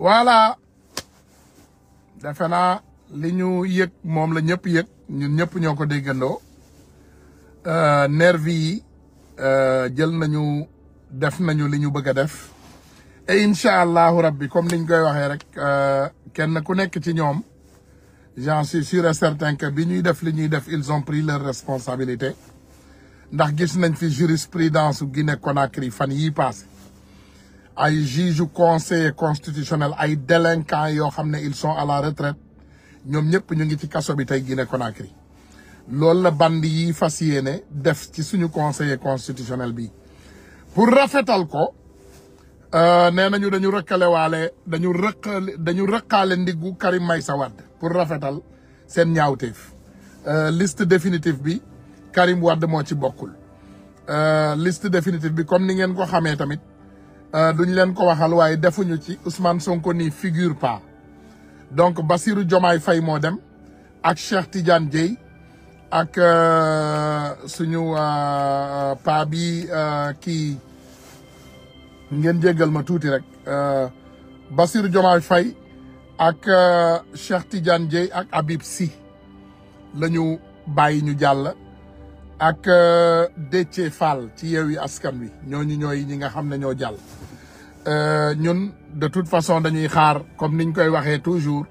voilà defe liñu yek mom la ñëpp yek ñun ñëpp ñoko ko euh nervi euh jël nañu def nañu liñu bëgg def et inshallah allahu rabbi comme niñ koy waxé rek euh kenn ku nekk ci ñom j'en suis sûr et certain que biñuy def liñuy def ils ont pris leur responsabilité ndax gis nañ fi jurisprudence Guinée Conakry fan yi passé ay juge conseil constitutionnel ay délinquants yo ils sont à la retraite ñom ñep ñu ngi ci kasso bi tay Guinée Conakry loolu la yi def ci suñu conseiller constitutionnel bi pour rafetal ko euh nenañu dañu Nous walé dañu rek dañu nous Karim pour rafetal euh, liste définitive bi Karim wad mo ci euh, liste définitive bi comme ni ngeen ko tamit Euh, duñ leen ko waxal waaye defuñu ci Ousmane Sonko ni figure pas donc Bassirou Diomaye fay moo dem ak Cheikh Tidiane Dieye ak euh, suñu euh, pa bi kii ngeen jéggal ma tuuti rek Bassirou Diomaye fay ak Cheikh Tidiane Dieye ak Habib Sy la ñu bàyyi ñu jàll ak euh, Déthié Fall ci Yewwi Askan Wi ñooñu ñooy ñi nga xam ne ñoo jàll euh, ñun de toute façon dañuy xaar comme niñ koy waxee toujours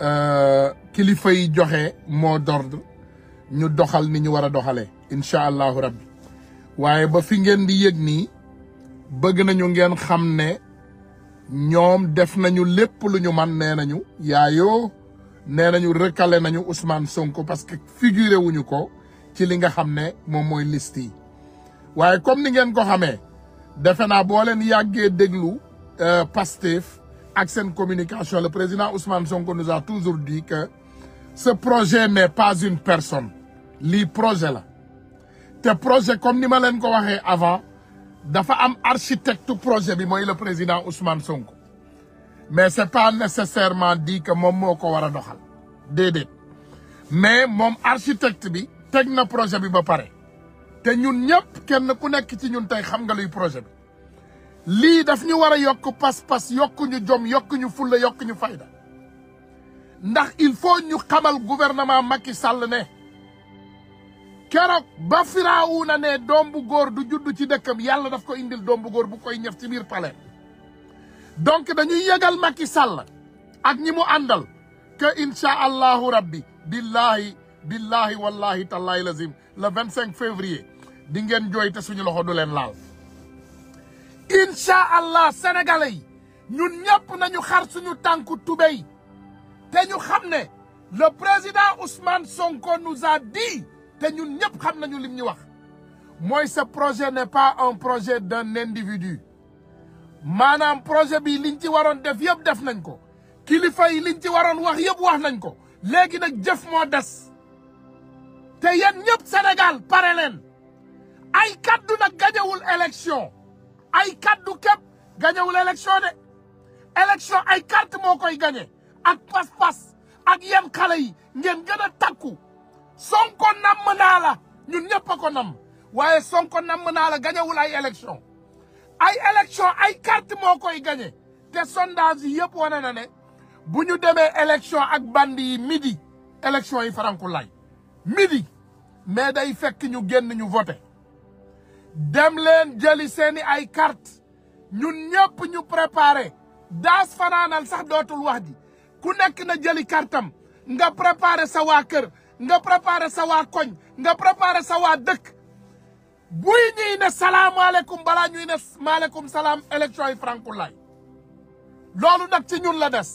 euh, kilifa yi joxe mot d'ordre ñu doxal ni ñu war a doxalee incha allahu rabbi waaye ba fi ngeen di yëg nii bëgg nañu ngeen xam ne ñoom def nañu lépp lu ñu man nee nañu yaayoo nee nañu recalé nañu Ousmane Sonko parce que figuré ko ci li nga xamné mom moy liste yi waaye comme ni ngeen ko xamé defe naa euh, Pastef ak communication le président Ousmane Sonko nous a toujours dit que ce projet n'est pas une personne Ce projet la té projet comme ni ma dit ko waxé avant dafa un architecte projet bi moy le président Ousmane Sonko mais c'est pas nécessairement dit que mom moko wara doxal Dédé. mais mon architecte bi tek na projet bi ba paré té ñun ñëpp kenn ku nekk ci ñun tay xam nga luy projet bi li daf ñu wara a pass pas-pas ñu jom yok ñu fulle yok ñu fayda ndax il faut ñu xamal gouvernement Macky Sall ne kérok ba Firawuna né dombu gor du judd ci dekkam yalla daf ko indil dombu gor bu koy ñëf ci bir palais donc dañuy yëgal Macky Sall ak ñi mu àndal que allahu rabbi billahi billahi wallahi tallahi lazim le 25 février di ngeen allah sénégalais Nous ñun ñep nañu xar suñu le président Ousmane Sonko nous a dit té nous ñep xam nañu lim wax ce projet n'est pas un projet d'un individu un projet bi liñ ci def def nañ ko liñ te yéen ñëpp Sénégal pare leen ay kaddu nag gañewul élection ay kaddu képp gañewul élection de élection ay carte moo koy gañe ak pas-pas ak yéen xale yi ngeen gën a takku Sonko namm naa ñun ñëpp namm waaye Sonko namm naa gañewul ay élection ay élection ay carte moo koy gañe te sondage yi yëpp wane na ne bu ñu demee élection ak bandi yi midi élection yi faranku midi mais day fekk ñu génn ñu voté dem leen jëli seeni ay kart ñun ñëpp ñu préparé daas fanaanal sax dootul wax ji ku nekk na jëli kartam nga préparé sa kër nga préparé sa koñ nga préparé sa dëkk buy ñuy ne salaamaaleykum balaa ñuy ne maaleykum salaam élection yi Francoulaye loolu nag ci ñun la des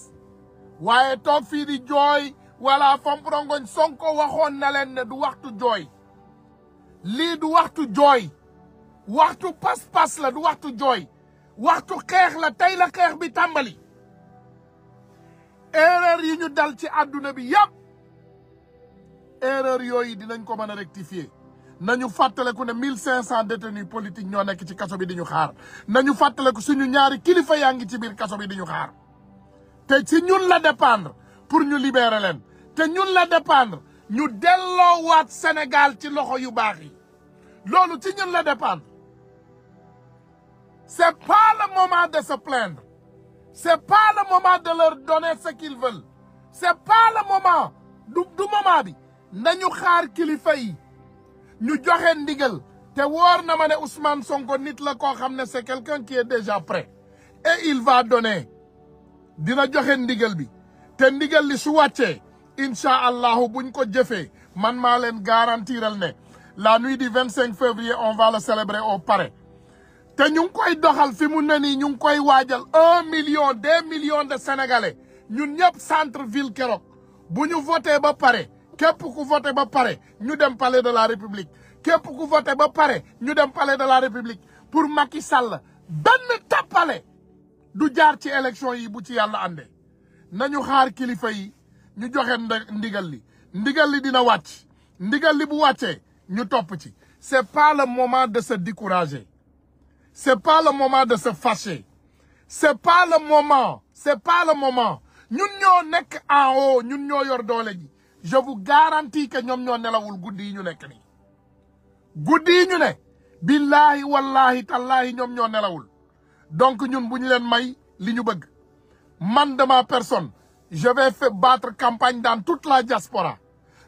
waaye toog fii di jooy voilà Famporongoñ Sonko waxon na len ne du waxtu joy li du waxtu joy waxtu pas-pas la du waxtu joy waxtu xeex la tay la xeex bi tambali erreur yi ñu dal ci aduna bi yeb erreur yooyu dinañ ko mëna a rectifier nañu ko ne 1500 détenus politiques ñoo nek ci kaso bi di ñu xaar nañu ko suñu ñaari kilifa yaangi ci bir kaso bi di ñu xaar te ci ñun la dépendre pour ñu libérer leen te ñun la dépendre ñu wat Sénégal ci loxo yu baax yi ci ñun la dépendre c'est pas le moment de se plaindre c'est pas le moment de leur donner ce qu'ils veulent c'est pas le moment du du moment bi nañu xaar kilifa yi ñu joxe ndigal te wor na mané Ousmane Sonko nit la ko xamné c'est quelqu'un qui est déjà prêt et il va donner dina joxe ndigal bi te ndigal li su wàccee incha allahu buñ ko jëfee man maa leen garantiral la nuit du 25 février on va le célébrer au Palais te ñu ngi koy doxal fi mu ne ñu waajal un million deux millions de sénégalais ñun ñëpp centre ville keroog bu ñu voté ba pare képp ku voté ba pare ñu dem palais de la république képp ku voté ba pare ñu dem palais de la république pour Macky Sall benn tappale du jaar ci élection yi bu ci yàlla ànde nañu xaar kilifa yi ñu joxe c'est pas le moment de se décourager c'est pas le moment de se fâcher c'est pas le moment c'est pas le moment ñun ño nek en haut ñun yor je vous garantis que nous ño nelawul ñu ne billahi wallahi tallahi donc ñun sommes len may li ñu bëgg man de personne je vais faire battre campagne dans toute la diaspora.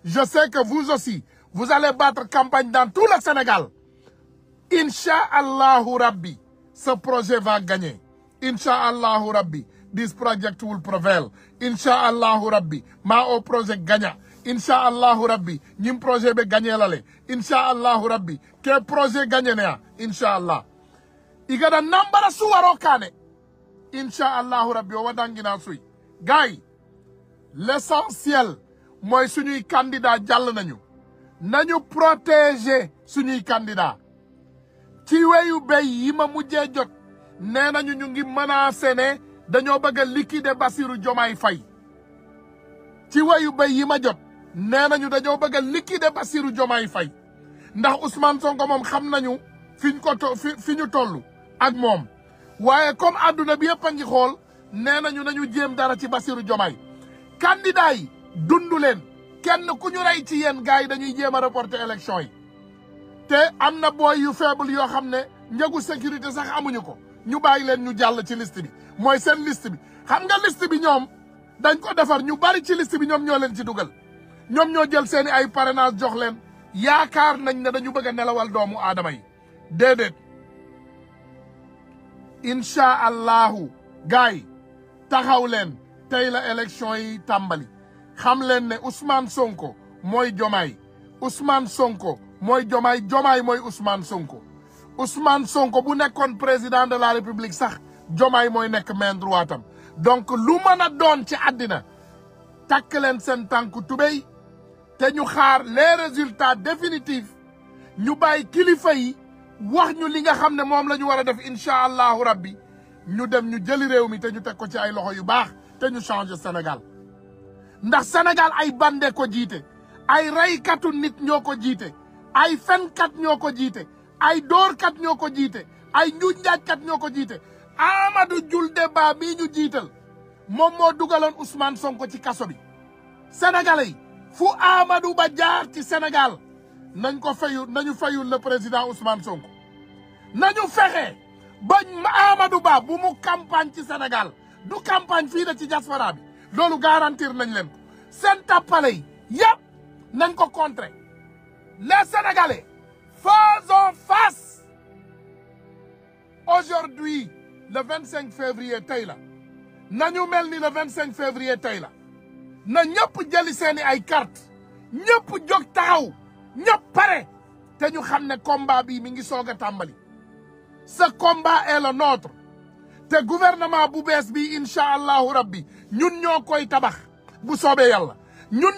Je sais que vous aussi, vous allez battre campagne dans tout le Sénégal. inshaallah Rabbi, ce projet va gagner. Allah, Rabbi, this project will prevail. Allah, Rabbi, ma au projet gagne. Inch'Allahu Rabbi, ñim projet be gagner Insha inshaallah Rabbi, ke projet gagner nea. Inch'Allah. igana nambara suwaro kane. Inch'Allahu Rabbi, o wadangina sui. Guy, l'essentiel mooy suñuy candidat jàll nañu nañu protéger suñuy candidat ci weyu béy yi ma mujjee jot nee nañu ñu ngi menacé ne dañoo bëgg a liquider Bassirou fay ci weyu béy yi ma jot nee nañu dañoo bëgg a liquider Bassirou Diomaye Faye ndax Ousmane xam nañu fiñ ko to fi ñu toll ak moom waaye comme àdduna bi yëpp a xool nee nañu nañu jéem dara ci Bassirou Diomaye candidat yi dund leen kenn ku ñu rey ci yéen gars yi dañuy jéem a reporter élection yi te am na booy yu faible yoo xam ne njëgu sécurité sax amuñu ko ñu bàyyi leen ñu jàll ci liste bi mooy seen liste bi xam nga liste bi ñoom dañ ko defar ñu bari ci list bi ñoom ñoo leen ci dugal ñoom ñoo jël seeni ay parrainage jox leen yaakaar nañ ne dañu bëgg a nelawal doomu aadama yi déedéet incha allahu gars yi taxaw leen tey la élection yi tàmbali xam leen ne Ousmane Sonko mooy Jomaay Ousmane Sonko mooy Jomaay Jomaay mooy Ousmane Sonko Ousmane Sonko bu nekkoon président de la République sax Jomaay mooy nekk main droitam donc lu mën a doon ci àddina takk leen seen tànk tubéy te ñu xaar les résultats définitifs ñu bàyyi kilifa yi wax ñu li nga xam ne moom la ñu war a def incha allahu rabbi ñu dem ñu jëli réew mi te ñu teg ko ci ay loxo yu baax te ñu changer Sénégal ndax Sénégal ay bande ko jiite ay reykatu nit ñoo ko jiite ay fenkat ñoo ko jiite ay doorkat ñoo ko jiite ay njuuj njaajkat ñoo ko jiite Amadou Jul Débat bii ñu jiital moom moo dugaloon Ousmane Sonko ci kaso bi sénégalais fu Amadou Ba jaar ci Sénégal nañ ko fayu nañu fayul le président Ousmane Sonko nañu fexe ba Amadou Ba bu mu campagne ci Sénégal du campagne fii la ci diaspora bi garantir nañ len sen pale. ko contrer les sénégalais faisons face aujourd'hui le 25 février Taylor, la nañu mel le 25 février tey na ñepp jëli Nous ay carte ñepp taxaw ñepp paré té ñu xamné combat bi mi ngi a ce combat est le nôtre le gouvernement Boubès, bi incha allahu rabbi ñun ñoo koy tabax bu sommes yàlla ñun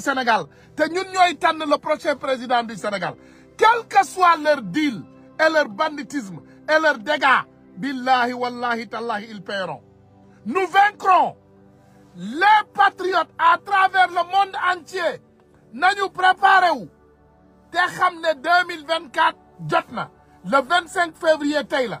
Sénégal te ñun ñooy le prochain président du Sénégal quel que soit leur deal et leur banditisme et leur dégâts billahi wallahi tallahi ils paieront nous vaincrons les patriotes à travers le monde entier nous préparons. wu te xam le 25 février Taylor.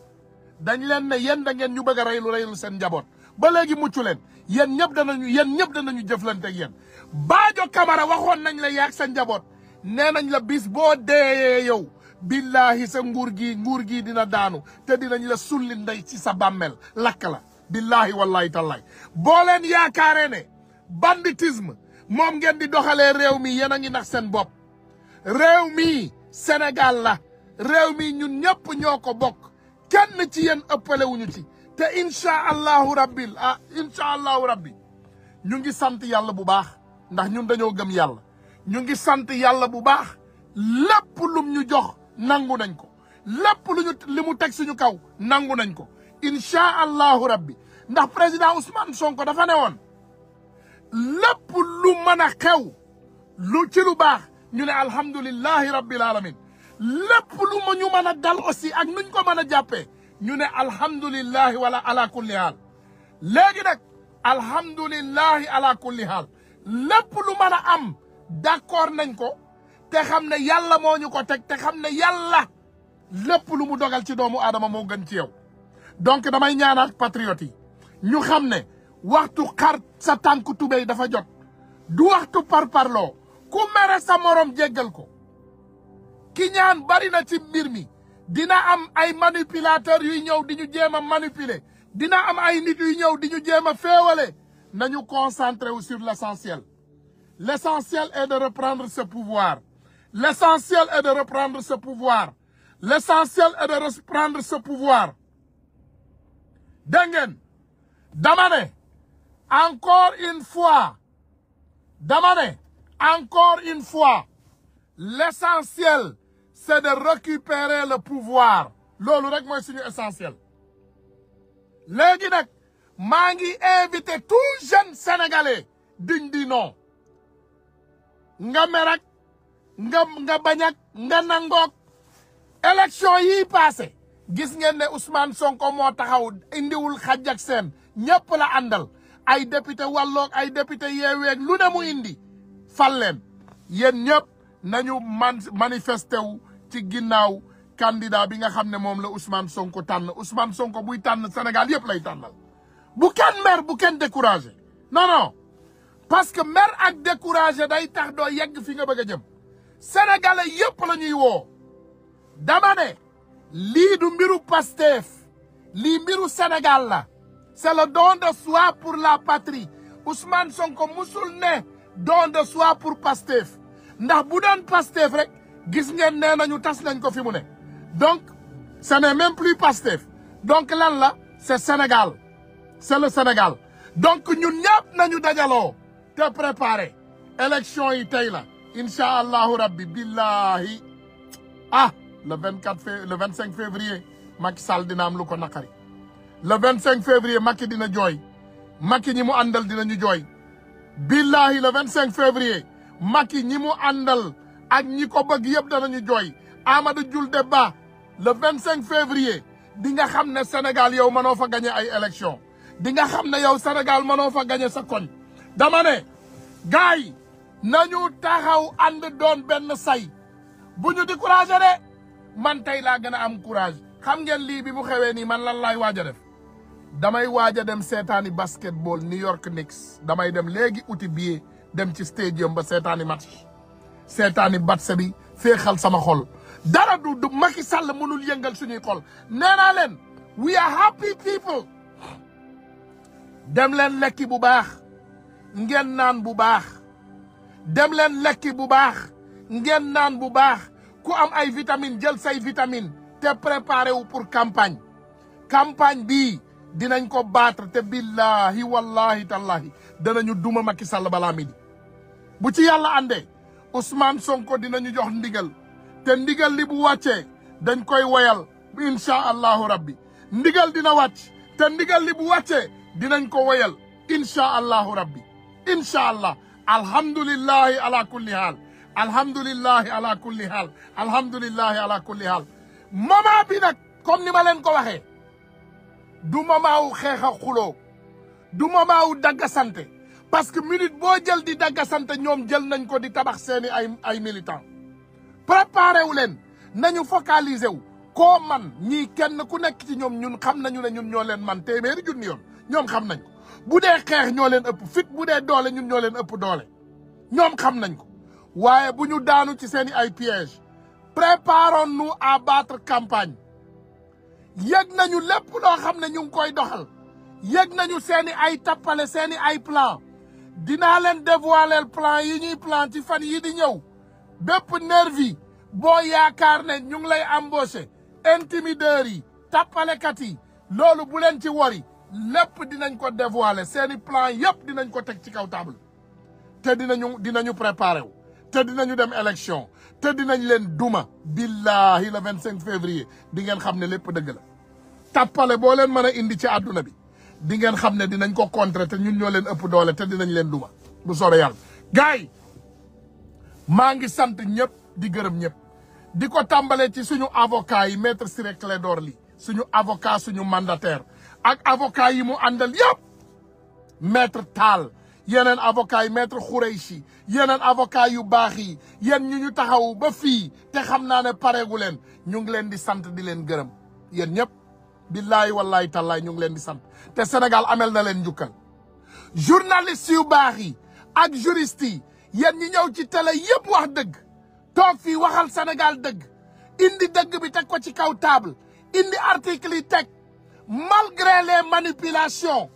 dañ leen ne yen da ngeen ñu bëgg a reylu reylu seen njaboot ba léegi muccu leen yéen ñëpp danañu yéen ñëpp danañu jëflante ak yéen Badio waxoon nañu le yaag sa njaboot nee nañ la bis boo deeyee yow billahi sa nguur gi nguur gi dina daanu te dinañ la sulli day ci sa bàmmeel lakk la billahi wallahi tallaay boo leen yaakaaree ne banditisme moom ngeen di doxalee réew mi yéen a ngi nax seen bopp réew mi Sénégal la réew mi ñun ñëpp ñoo ko bokk kenn ci yeen eppele wuñu ci te incha allahu rabbil ah incha rabbi ñu ngi sante yalla bu baax ndax ñun dañoo gëm yalla ñu ngi sante yalla bu baax lepp lu ñu jox nangu nañ ko lepp lu ñu limu tek suñu kaw nangu nañ ko incha rabbi ndax president Ousmane Sonko dafa ne lepp lu mëna xew lu ci lu baax ñu ne alhamdulillahi rabbil alamin lépp lu ma ñu mën a dal aussi ak nuñ ko man a jàppee ñu ne alhamdulillahi wala ala léegi nag alhamdulillahi ala kulli lépp lu mën a am d'accord nañ ko te xam ne yàlla moo ñu ko teg te xam ne yàlla lépp lu mu dogal ci doomu aadama moo gën ci yow donc damay ñaanaat patriotes ñu xam ne waxtu xar sa tànk tubéy dafa jot du waxtu parparloo ku mere sa morom jéggal ko kiñaan bari na ci mbir dina am ay manipulateur yu ñew diñu ñu manipuler dina am ay nit yu ñew di ñu féwalé nañu concentrer sur l'essentiel l'essentiel est de reprendre ce pouvoir l'essentiel est de reprendre ce pouvoir l'essentiel est de reprendre ce pouvoir dégg Damane. encore une fois Damane. encore une fois l'essentiel c'est de récupérer le pouvoir loolu rek mooy suñu essentiel léegi nag maa ngi invité tout jeune sénégalais diñ di non nga merak nga nga nga nangook élection yii passé gis ngeen ne Ousmane Sonko moo taxaw indiwul xaj ak seen ñëpp la àndal ay député wàlloog ay député yeeweeg lu ne mu indi fal leen yéen ñëpp nañu man ci ginnaw candidat bi nga xam mom la Ousmane Sonko tànn Ousmane Sonko buy tànn Sénégal yépp lay bu ken mer bu ken décourager non non parce que mer ak décourager day tax do yegg fi nga bëgg jëm sénégalais yépp lañuy wo dama ne li du mbiru Pastef li mbiru Sénégal la c'est le don de soi pour la patrie Ousmane Sonko musul né don de soi pour Pastef ndax bu don Pastef rek gis ngeen nee nañu nañ ko donc ça n'est même plus Pastef donc là là, c'est Sénégal c'est le Sénégal donc ñun ñëpp nañu te préparer élection yi tey la rabbi billahi ah le 24 fév le 25 février Macky Sall dina am lu ko le 25 février Macky dina joy. Macky ñi mu àndal dinañu billahi le 25 février Macky ñi mu ak ñi ko bëgg yëpp danañu jooy Amadou Jules Deba le vingt cinq février di nga xam ne Sénégal yow mënoo fa gañe ay élection di nga xam ne yow Sénégal mënoo fa gañe sa koñ dama ne gars yi nañu taxaw ànd doon benn say bu ñu découragé de man tey laa gën a am courage xam ngeen lii bi mu xewee nii man lan laay waaj a def damay waaj a dem seetaani basketball New York Knicks damay dem léegi uti billet dem ci stadium ba seetaani match seetaani batse bi féexal sama xol dara du du Macky Sall mënul yëngal suñuy xol neena len we are happy people dem len lekki bu baax ngeen naan bu baax dem len lekki bu baax ngeen naan bu baax ku am ay vitamine jël say vitamine te préparé wu pour campagne campagne bi dinañ ko battre te billahi wallahi tallahi danañu duma Macky Sall bala midi bu ci yalla ande Ousmane Sonko dinañu jox ndigal te ndigal li bu wàccee dañ koy woyal incha allahu rabbi ndigal dina wàcc te ndigal li bu wàccee dinañ ko woyal incha allahu rabbi incha allah alhamdulillahi ala kulli haal alhamdulillahi ala kulli haal alhamdulillahi ala kulli haal bi nag comme ni ma leen ko waxee du moment wu xeex du moment wu parce que minute boo jël di daggasante ñoom jël nañ ko di tabax seeni ay ay militants préparé wu leen nañu focaliser wu koo man ñii kenn ku nekk ci ñoom ñun xam nañu ne ñun ñoo leen man téeméeri junni yoon ñoom xam nañ ko bu dee xeex ñoo leen ëpp fit bu dee doole ñun ñoo leen ëpp doole ñoom xam nañ ko waaye bu ñu daanu ci seeni ay pièges préparons-nous à battre campagne yëg nañu lépp loo xam ne ñu ngi koy doxal yëg nañu seeni ay tappale seeni ay plan dinaa leen dévoiler plan yi ñuy plan ci fan yi di ñëw bépp nervi boo yaakaar ne ñu ngi lay embauché intimideurs yi tappalekat yi loolu bu leen ci wori lépp dinañ ko dévoiler seeni plan yépp dinañ ko teg ci kaw table te dinañu dinañu préparé wu te dinañu dem élection te dinañ leen duma billahi le vingt cinq février di ngeen xam ne lépp dëgg la tappale boo leen mën a indi ci àdduna bi di ngeen xam ne dinañ ko contrer te ñun ñoo leen ëpp doole te dinañ leen duma bu soobee yàlla gars yi maa ngi sant ñëpp di gërëm ñëpp di ko tàmbalee ci suñu avocat yi maître Ciré Clédor Ly suñu avocat suñu mandataire ak avocat yi mu àndal yëpp maître taal yeneen avocat yi maître si yeneen avocat yu baax yi yéen ñu ñu taxaw ba fii te xam naa ne pareegu leen ñu ngi leen di sant di leen gërëm yéen ñëpp billahi wallahi taala ñu ngi leen di sant te Sénégal amel na leen njukkal journaliste yu bax yi ak juriste yi yeen ñi ñew ci télé yépp wax dëgg toog fii waxal Sénégal dëgg indi dëgg bi teg ko ci kaw table indi article yi teg malgré les manipulations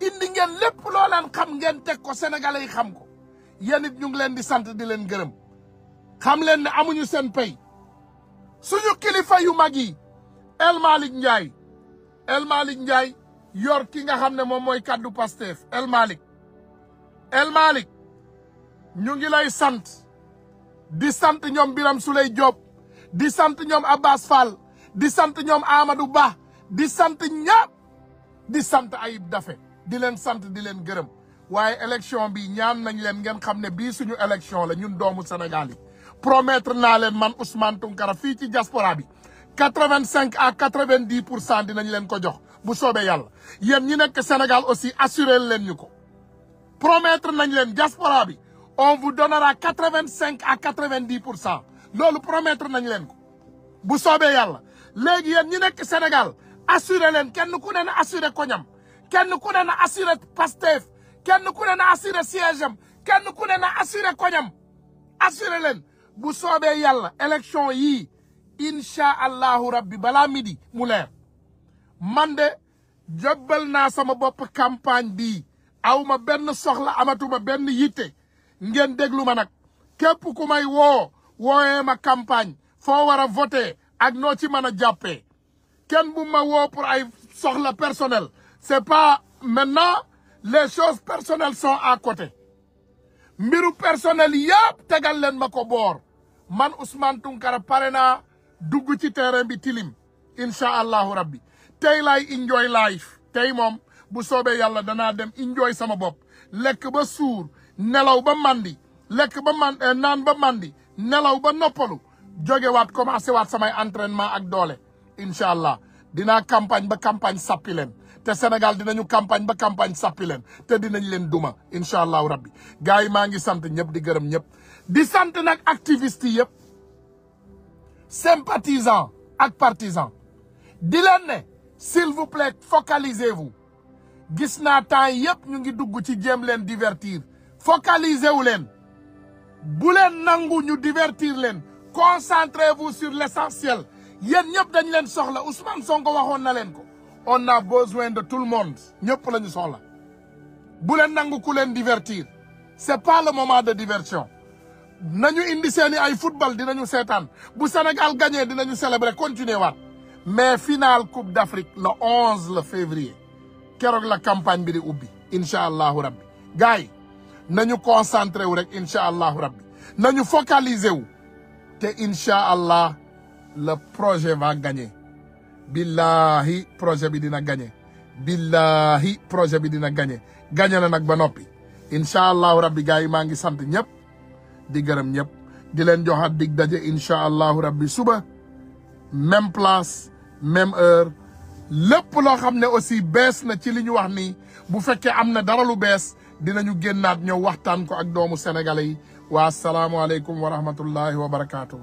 indi ngeen lépp loo leen xam ngeen teg ko sénégalais yi xam ko yéen it ñu ngi leen di sant di leen gërëm xam leen ne amuñu seen pay suñu kilifa yu mag yi El malik Ndiaye El malik Ndiaye yor ki nga xamne mom moy kaddu Pastef El malik, El malik, ñu ngi lay sant di sante ñom Biram Souley Diop di sante ñom Abbas Fall di sante ñom Amadou Ba di sant ñëpp di sante Ayib Dafe di len sante di len gërem waaye election bi ñaan nañ len ngeen xamne bi suñu election la ñun doomu Sénégal yi promettre na len man Ousmane Tounkara fi ci diaspora bi quatre-vingt-cinq à quatre-vingt-dix pour cent dinañ leen ko jox bu soobee yàlla yéen ñi nekk Sénégal aussi assuré leen ñu ko promettre nañ leen diaspora bi on vous donnera quatre-vingt-cinq à quatre vingt pour cent loolu promettre nañ leen ko bu soobee yàlla léegi yéen ñi nekk Sénégal assuré leen kenn ku ne na assuré ko ñam kenn ku ne na assuré Pastef kenn ku ne na assuré siège kenn ku ne na assuré ko ñam assuré leen bu soobee yàlla élection yii incha allahu rabbi balaa midi mu leer man de jobbal naa sama bopp campagne bii aw ma benn soxla amatuma benn yitte ngeen déglu ma nag képp ku may woo woowee ma campagne foo war a voté ak noo ci mën a jàppee kenn bu ma woo pour ay soxla personnel c'est pas maintenant les choses personnelles sont à côté mbiru personnel yëpp tegal leen ma ko boor man Ousmane Tounkara pare na dugg ci terrain bi tilim incha allahu rabbi tey laay enjoy life tey moom bu soobee yàlla danaa dem enjoy sama bopp lekk ba suur nelaw ba mandi lekk ba man eh, naan ba mandi nelaw ba noppalu jógewaat commencé waat samay entraînement ak doole incha allah dinaa campagne ba campagne sappi leen te Sénégal dinañu campagne ba campagne sappi leen te dinañ leen duma incha allahu rabbi gars yi maa ngi sant ñëpp di gërëm ñëpp di sant nag activiste yëpp sympathisants et partisans dis leen s'il vous plaît focalisez-vous Gisna naa yep yépp ñu ngi dugg ci jëm len divertir focalisez-vous len. bu len nangu ñu divertir len. concentrez-vous sur l'essentiel yéen ñep dañ len soxla Ousmane Sonko waxoon na ko on a besoin de tout le monde Ñep la soxla bu len nangu ku len divertir c'est pas le moment de diversion nañu indi seeni ay football dinañu seetaan bu Sénégal gagné dinañu célébrer continuer waat mais finale coupe d'Afrique le 11 février. février est la campagne bi di ubbi inshallah rabbi gars nañu concentré wu rek inshallah nañu focaliser wu te inshallah le projet va gagner billahi projet bi dina gagner billahi projet bi dina gagner gagné na nak ba nopi inshallah allahu rabbi gars ngi sante ñep di gërëm ñëpp di leen joxaat dig daje incha allahu rabbi suba même place même heure lépp loo xam ne aussi bees na ci li ñu wax ni bu fekkee am na dara lu bees dinañu génnaat ñëw waxtaan ko ak doomu sénégalais yi waa asalaamualeykum wa rahmatullahi wa barakaatu.